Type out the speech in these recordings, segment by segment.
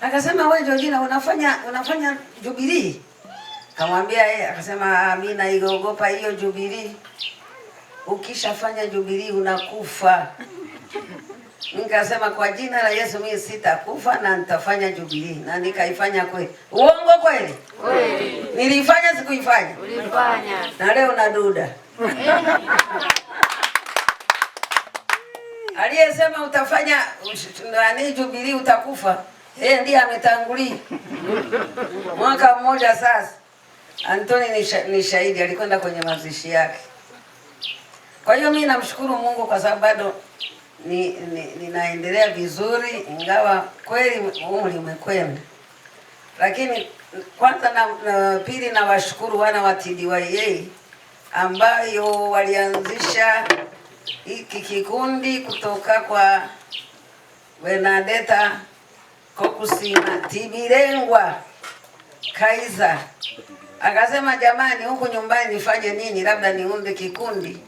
Akasema wewe Georgina unafanya unafanya Jubilee? Kamwambia yeye akasema ah, mimi naiogopa hiyo Jubilee. Ukishafanya Jubilee unakufa. Nikasema kwa jina la Yesu mimi sitakufa na nitafanya Jubilee na nikaifanya kweli. Uongo kweli? Kweli. Nilifanya sikuifanya? Ulifanya. Na leo naduda. Aliyesema utafanya nani Jubilee utakufa? yeye ndiye ametangulia mwaka mmoja sasa. Antoni ni, shahidi alikwenda kwenye mazishi yake. Kwa hiyo mimi namshukuru Mungu kwa sababu bado ninaendelea ni, ni vizuri, ingawa kweli umri umekwenda, lakini kwanza na, na pili nawashukuru wana wa TDYA ambayo walianzisha hiki kikundi kutoka kwa Bernadeta ko kusima Tibirengwa Kaiza akasema, jamani, huku nyumbani nifanye nini? Labda niunde kikundi,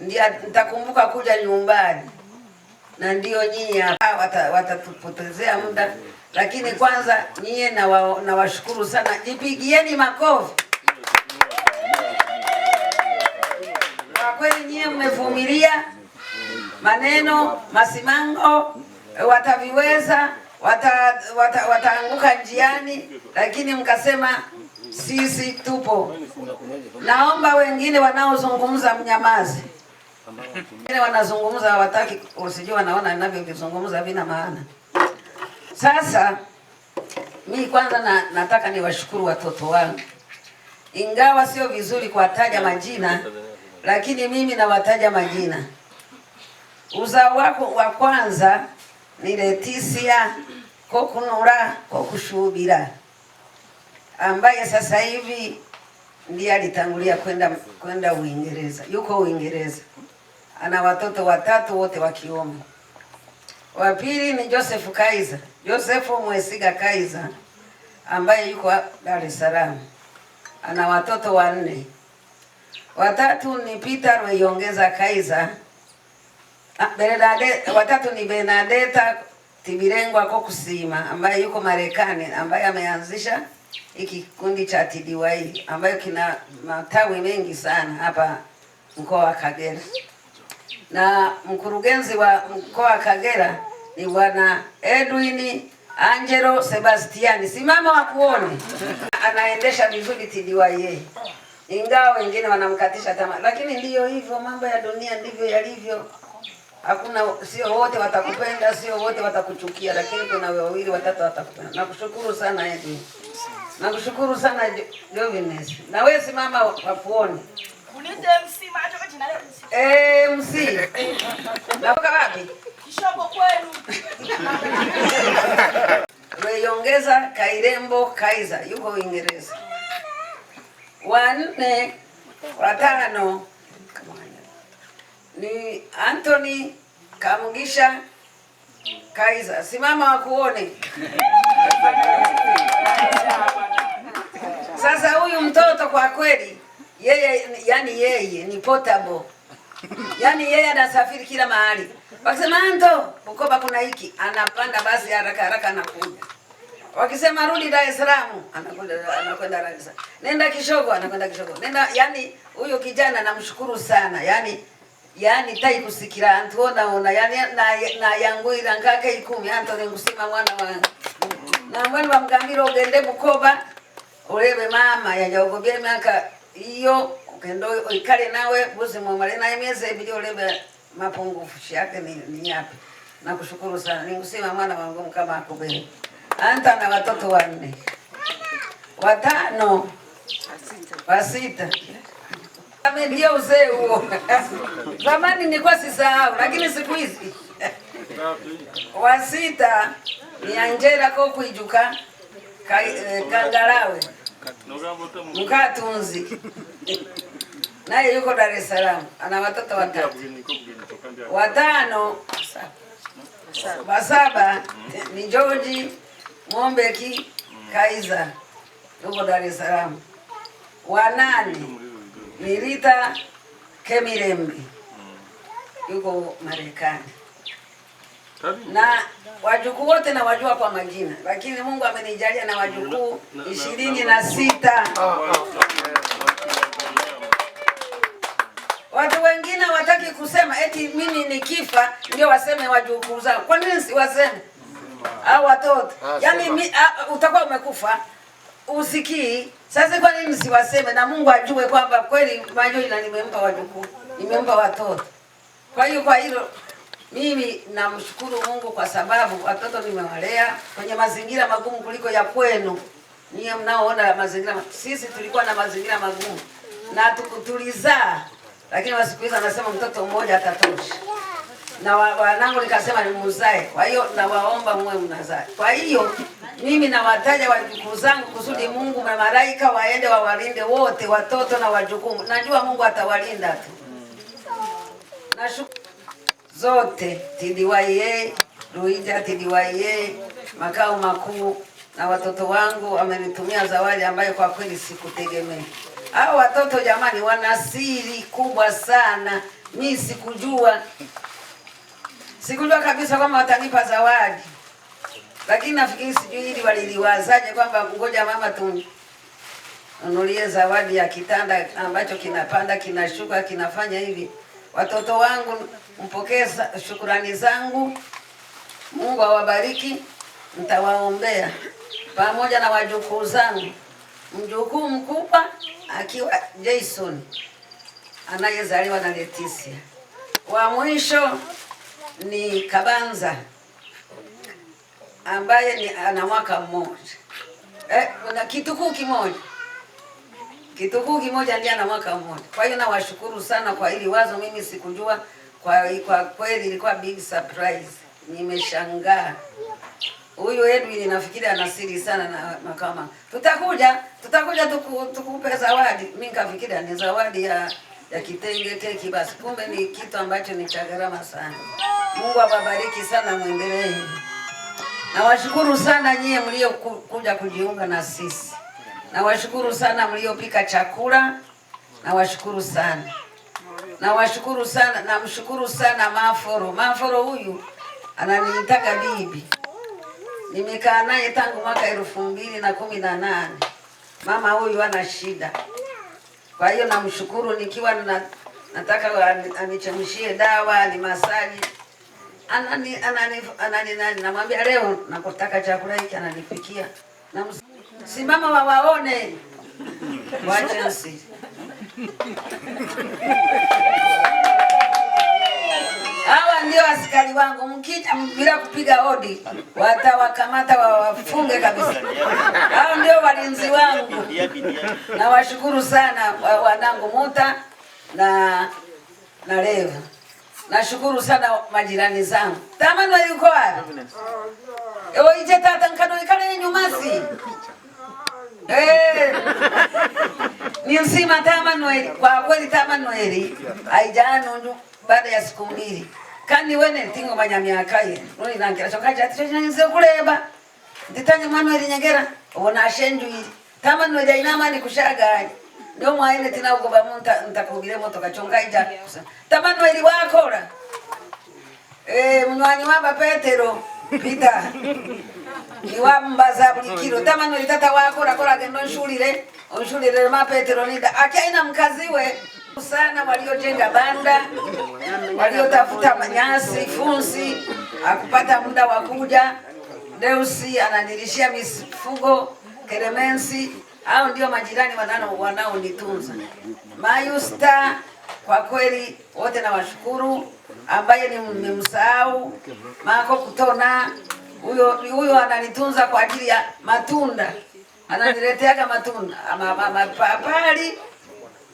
ndio nitakumbuka kuja nyumbani, na ndio nyinyi hapa watatupotezea muda, lakini kwanza nyiye nawashukuru wa, na sana, jipigieni makofi kwa kweli, nyie mmevumilia maneno masimango, wataviweza wata, wata, wataanguka njiani, lakini mkasema sisi tupo. Naomba wengine wanaozungumza mnyamaze, wengine wanazungumza hawataki, usijua wanaona ninavyozungumza vina maana. Sasa mi kwanza na, nataka niwashukuru watoto wangu, ingawa sio vizuri kuwataja majina, lakini mimi nawataja majina. Uzao wako wa kwanza ni Leticia ko kunura ambaye sasa hivi ndiye alitangulia kwenda kwenda Uingereza, yuko Uingereza, ana watoto watatu wote wa kiume. Wa pili ni Joseph Kaiza, Joseph Mwesiga Kaiza ambaye yuko Dar es Salaam, ana watoto wanne. Watatu ni Peter Rweyongeza Kaiza, ah, Bernadette, watatu ni Benadeta Tibirengwa ako kusima ambaye yuko Marekani ambaye ameanzisha hiki kikundi cha TDY ambayo kina matawi mengi sana hapa mkoa wa Kagera, na mkurugenzi wa mkoa wa Kagera ni bwana Edwin Angelo Sebastiani, simama wa kuone anaendesha vizuri TDY, ingawa wengine wanamkatisha tamaa, lakini ndiyo hivyo, mambo ya dunia ndivyo yalivyo. Hakuna, sio wote watakupenda, sio wote watakuchukia, lakini kuna wawili watatu watakupenda. Nakushukuru sana Edi, nakushukuru sana Jovines, Na wewe simama wakuone MC natoka wapi? Kishoko kwenu. Weiongeza Kairembo Kaiza yuko Uingereza, wanne watano ni Anthony Kamugisha Kaiza, simama wakuone. Sasa huyu mtoto kwa kweli yeye, yani yeye ni potable, yani yeye anasafiri kila mahali. Wakisema Anto Bukoba kuna hiki, anapanda basi haraka haraka anakuja. Wakisema rudi Dar es Salaam, anakwenda anakwenda Dar es Salaam. Nenda Kishogo, anakwenda Kishogo. Nenda, yani huyu kijana namshukuru sana yani yani taikusikila antuonaona yani nayangwila na, na nkake ikumi antole ngusima mwana wange nambwani bamugambile ogende bukoba olebe mama yajagobya emyaka iyo ogende oikale nawe buzima omale naye miezi ebili olebe mapungufu yake ni, ni yapi nakushukuru sana ningusima mwana wangu mkama akubele anta na watoto wanne watano wasita Amejia uzee huo. Zamani nilikuwa sisahau, lakini siku hizi wasita ni Angela ko kuijuka ka, eh, mkatunzi naye yuko Dar es Salaam, ana watoto watatu watano wasaba ni joji Mombeki Kaiza yuko Dar es Salaam wanani ni Rita Kemirembe mm. yuko Marekani na wajukuu wote nawajua kwa majina, lakini Mungu amenijalia na wajukuu ishirini na sita. Ah, ah, ah, Watu wengine wataki kusema eti mimi nikifa ndio waseme wajukuu zao. Kwa nini si waseme mm. au watoto? Yaani utakuwa umekufa usikii sasa kwa nini msiwaseme na Mungu ajue kwamba kweli ina nimempa wajukuu, nimempa watoto. Kwa hiyo kwa hilo mimi namshukuru Mungu kwa sababu watoto nimewalea kwenye mazingira magumu kuliko ya kwenu. Niye mnaoona mazingira sisi tulikuwa na mazingira magumu na tukutulizaa, lakini wasikuiza anasema mtoto mmoja atatosha, na wanangu nikasema nimuzae. Kwa hiyo nawaomba muwe mnazae. Kwa hiyo mimi nawataja wajukuu zangu kusudi Mungu na malaika waende wawalinde wote, watoto na wajukuu. Najua Mungu atawalinda tu. Na zote TDYA Ruija, TDYA makao makuu na watoto wangu amenitumia zawadi ambayo kwa kweli sikutegemea. Hao watoto jamani, wana siri kubwa sana. Mi sikujua, sikujua kabisa kama watanipa zawadi. Lakini nafikiri sijui hili waliliwazaje kwamba ngoja mama tununulie zawadi ya kitanda ambacho kinapanda kinashuka kinafanya hivi. Watoto wangu mpokee shukurani zangu, Mungu awabariki, nitawaombea pamoja na wajukuu zangu, mjukuu mkubwa akiwa Jason anayezaliwa na Letisia, wa mwisho ni Kabanza ambaye ni ana mwaka mmoja eh, kuna kitukuu kimoja kitukuu kimoja ndiye ana mwaka mmoja. Kwa hiyo nawashukuru sana kwa hili wazo, mimi sikujua kwa, kwa kweli ilikuwa big surprise. Nimeshangaa huyu Edwin, nafikiri ana siri sana na makama. Tutakuja tutakuja tuku, tukupe zawadi. Mimi nikafikiria ni zawadi ya ya kitenge teki basi kumbe ni kitu ambacho ni cha gharama sana. Mungu awabariki sana, mwendelee. Nawashukuru sana nyie mliokuja kujiunga na sisi, nawashukuru sana mliopika chakula, nawashukuru sana nawashukuru sana, namshukuru sana Maforo. Maforo huyu ananiitaga bibi, nimekaa naye tangu mwaka elfu mbili na kumi na nane. Mama huyu ana shida, kwa hiyo namshukuru, nikiwa nataka anichemshie dawa, ni masaji anani anani anani nani, namwambia leo nakutaka chakula hiki, ananipikia na simama wawaone wachansi hawa ndio askari wangu, mkita bila kupiga hodi watawakamata wawafunge kabisa. hawa ndio walinzi wangu, nawashukuru sana wanangu Muta na na leo Nashukuru sana majirani zangu. Tamani walikuwa wapi? Oh, Ewo ije oh, eh. Ni msima tamani Kwa kweli tamani weli. baada ya siku mbili. Kandi wene tingo banya miaka ye. Nuri nangira kuleba. Nditange Manuel Nyegera. Ona ashenju hili. Tamani lyomuaine tinakuba muntu ntakugire moto kachongaija tamani waili wakora eh mnywanyi wamba Petero Pita iwambaza bulikiro tamani waili tata wakora kora gendo nshulire onshulire ma Petero nida akiaina mkaziwe sana waliojenga banda waliotafuta manyasi funsi akupata muda wa kuja Deusi ananilishia mifugo keremensi hao ndio majirani wanaonitunza Mayusta. Kwa kweli wote nawashukuru, ambaye ni msahau mako kutona huyo huyo ananitunza kwa ajili ya matunda, ananileteaga matunda mapapali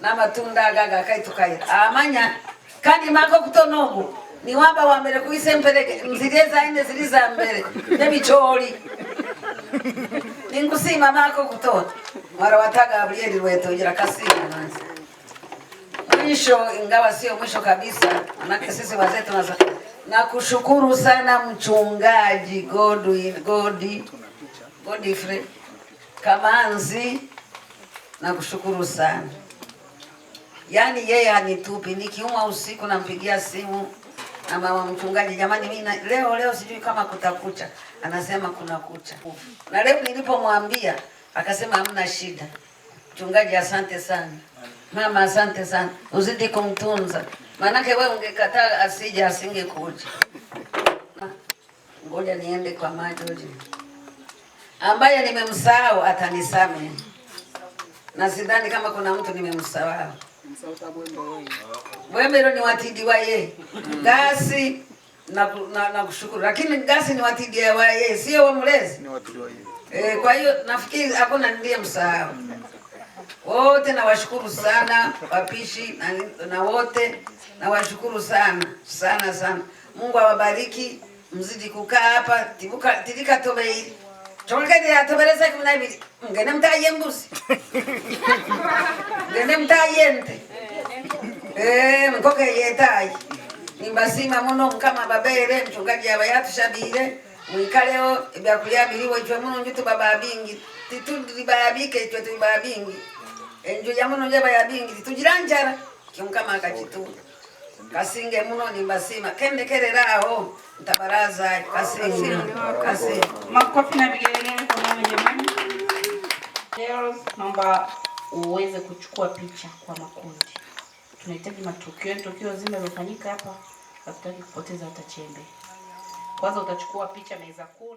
na matunda gaga kaitu amanya ah, kandi mako kutonogo ni wamba wambere kuise mpere mzileza ende ziliza mbere nebicholi ningusima mako kutoto mara wataka Gabrieli lwetogira manzi mwisho, ingawa sio mwisho kabisa, manake sisi wazee tunaza. Nakushukuru sana mchungaji Godwin Godi Godfrey Kamanzi, nakushukuru sana. Yaani yeye hanitupi, nikiuma usiku nampigia simu na mama mchungaji, jamani, mimi na, leo leo sijui kama kutakucha. Anasema kuna kucha, na leo nilipomwambia akasema hamna shida. Mchungaji, asante sana. Mama, asante sana, uzidi kumtunza, maanake we ungekataa asija, asingekuja. Ngoja niende kwa majoji ambaye nimemsahau atanisame, na sidhani kama kuna mtu nimemsahau. Mwembero ni watidi waye gasi na, na, na kushukuru lakini gasi ni watidi waye sio wamulezi e, kwa hiyo nafikiri hakuna ndiye msahau wote nawashukuru sana wapishi na, na wote nawashukuru sana sana sana. Mungu awabariki, mzidi kukaa hapa tilika tobeili zvamakaiatoveresaki muna ivili ngene mutaye mbuzi ngene mutaye nte eh, mukoke yetai nimbasima muno mukama babere mchungaji yava yatushabire mwikaleo vyakulia viliwo ichwe mununju tubaba bingi titulibayabike ichwe tulibaya bingi enjo ya mununju yava ya bingi titujira njara kimkama akachituna kasinge muno ni basima kere raho ntabaraza kasinge kasinge makofi na vigelegele kwa mama jamani. girls naomba uweze kuchukua picha kwa makundi, tunahitaji matukio, tukio zima lilofanyika hapa, hatutaki kupoteza hata chembe. Kwanza utachukua picha meza kuu.